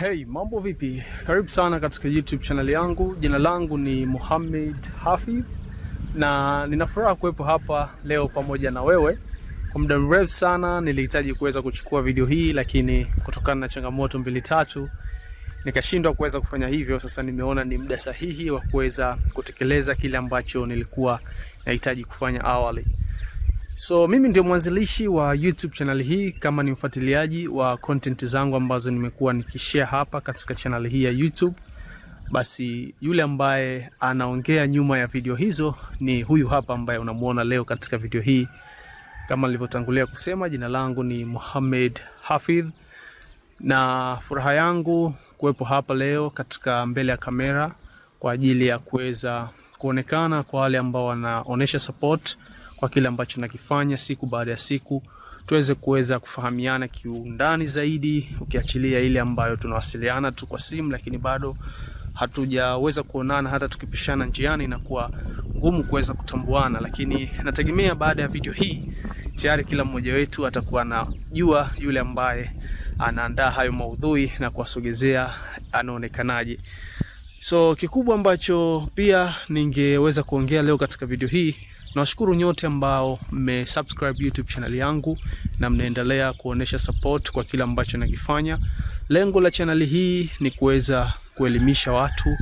Hey, mambo vipi? Karibu sana katika YouTube channel yangu. Jina langu ni Muhammad Hafidh na ninafuraha kuwepo hapa leo pamoja na wewe. Kwa muda mrefu sana nilihitaji kuweza kuchukua video hii, lakini kutokana na changamoto mbili tatu nikashindwa kuweza kufanya hivyo. Sasa nimeona ni muda sahihi wa kuweza kutekeleza kile ambacho nilikuwa nahitaji kufanya awali. So mimi ndio mwanzilishi wa YouTube channel hii. Kama ni mfuatiliaji wa content zangu ambazo nimekuwa nikishare hapa katika channel hii ya YouTube, basi yule ambaye anaongea nyuma ya video hizo ni huyu hapa ambaye unamuona leo katika video hii. Kama nilivyotangulia kusema, jina langu ni Mohamed Hafidh, na furaha yangu kuwepo hapa leo katika mbele ya kamera kwa ajili ya kuweza kuonekana kwa wale ambao wanaonesha support kwa kile ambacho nakifanya siku baada ya siku, tuweze kuweza kufahamiana kiundani zaidi, ukiachilia ile ambayo tunawasiliana tu kwa simu, lakini bado hatujaweza kuonana. Hata tukipishana njiani inakuwa ngumu kuweza kutambuana, lakini nategemea baada ya video hii tayari kila mmoja wetu atakuwa anajua yule ambaye anaandaa hayo maudhui na kuwasogezea anaonekanaje. So kikubwa ambacho pia ningeweza kuongea leo katika video hii Nawashukuru nyote ambao mmesubscribe YouTube channel yangu na mnaendelea kuonesha support kwa kila ambacho nakifanya. Lengo la channel hii ni kuweza kuelimisha watu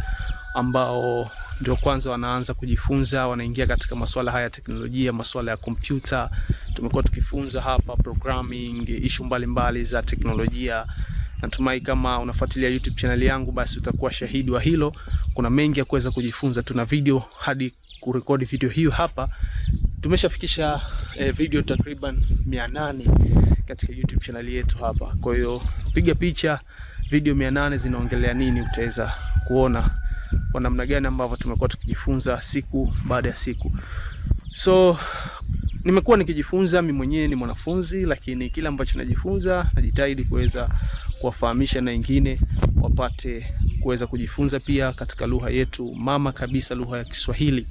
ambao ndio kwanza wanaanza kujifunza, wanaingia katika masuala haya ya teknolojia, masuala ya kompyuta. Tumekuwa tukifunza hapa programming, ishu mbalimbali za teknolojia. Natumai kama unafuatilia YouTube channel yangu, basi utakuwa shahidi wa hilo. Kuna mengi ya kuweza kujifunza, tuna video hadi kurekodi video hiyo hapa. Tumeshafikisha eh, video takriban 800 katika YouTube channel yetu hapa. Kwa hiyo piga picha video 800 zinaongelea nini, utaweza kuona kwa namna gani ambavyo tumekuwa tukijifunza siku baada ya siku. So nimekuwa nikijifunza, mimi mwenyewe ni mwanafunzi, lakini kile ambacho najifunza najitahidi kuweza kuwafahamisha na wengine wapate kuweza kujifunza pia katika lugha yetu mama kabisa, lugha ya Kiswahili,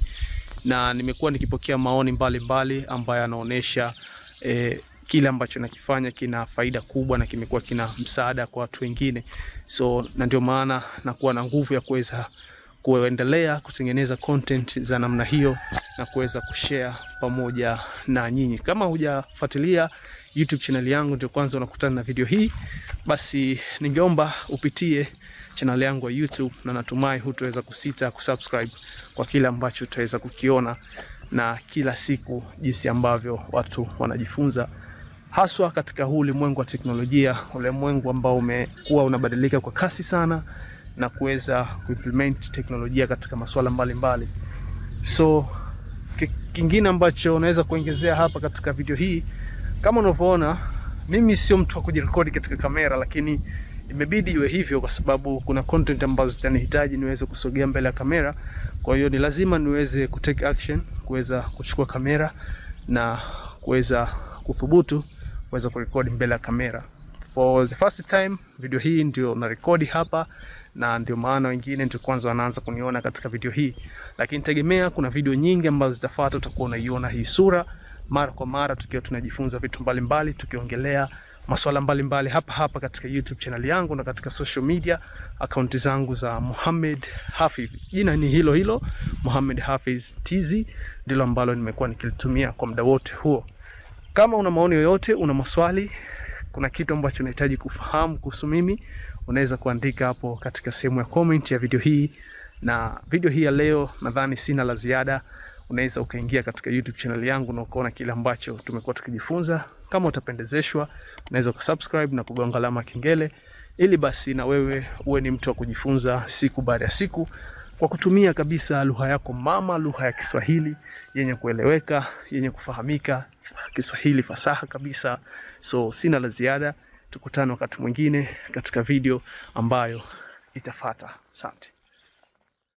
na nimekuwa nikipokea maoni mbalimbali ambayo yanaonyesha eh, kile ambacho nakifanya kina faida kubwa na kimekuwa kina msaada kwa watu wengine, so na ndio maana nakuwa na nguvu ya kuweza kuendelea kutengeneza content za namna hiyo na kuweza kushare pamoja na nyinyi. Kama hujafuatilia YouTube channel yangu ndio kwanza unakutana na video hii, basi ningeomba upitie channel yangu ya YouTube, na natumai hutaweza kusita kusubscribe kwa kile ambacho utaweza kukiona na kila siku jinsi ambavyo watu wanajifunza haswa katika huu ulimwengu wa teknolojia, ulimwengu ambao umekuwa unabadilika kwa kasi sana na kuweza kuimplement teknolojia katika masuala mbalimbali. mbali. So kingine ambacho unaweza kuongezea hapa katika video hii, kama unavyoona, mimi sio mtu wa kujirekodi katika kamera, lakini imebidi iwe hivyo kwa sababu kuna content ambazo zitanihitaji niweze kusogea mbele ya kamera. Kwa hiyo ni lazima niweze kutake action, kuweza kuchukua kamera na kuweza kuthubutu kuweza kurekodi mbele ya kamera. For the first time video hii ndio narekodi hapa, na ndio maana wengine ndio kwanza wanaanza kuniona katika video hii, lakini tegemea kuna video nyingi ambazo zitafuata. Utakuwa unaiona hii sura mara kwa mara, tukiwa tunajifunza vitu mbalimbali, tukiongelea masuala mbalimbali hapa hapa katika YouTube channel yangu na katika social media account zangu za Mohamed Hafidh. Jina ni hilo hilo Mohamed Hafidh TZ ndilo ambalo nimekuwa nikilitumia kwa muda wote huo. Kama una maoni yoyote, una maswali, kuna kitu ambacho unahitaji kufahamu kuhusu mimi, unaweza kuandika hapo katika sehemu ya comment ya video hii. Na video hii ya leo nadhani sina la ziada unaweza ukaingia katika YouTube channel yangu na ukaona kile ambacho tumekuwa tukijifunza. Kama utapendezeshwa, unaweza ukasubscribe na kugonga alama kengele, ili basi na wewe uwe ni mtu wa kujifunza siku baada ya siku kwa kutumia kabisa lugha yako mama, lugha ya Kiswahili yenye kueleweka, yenye kufahamika, Kiswahili fasaha kabisa. So sina la ziada, tukutane wakati mwingine katika video ambayo itafata. Asante.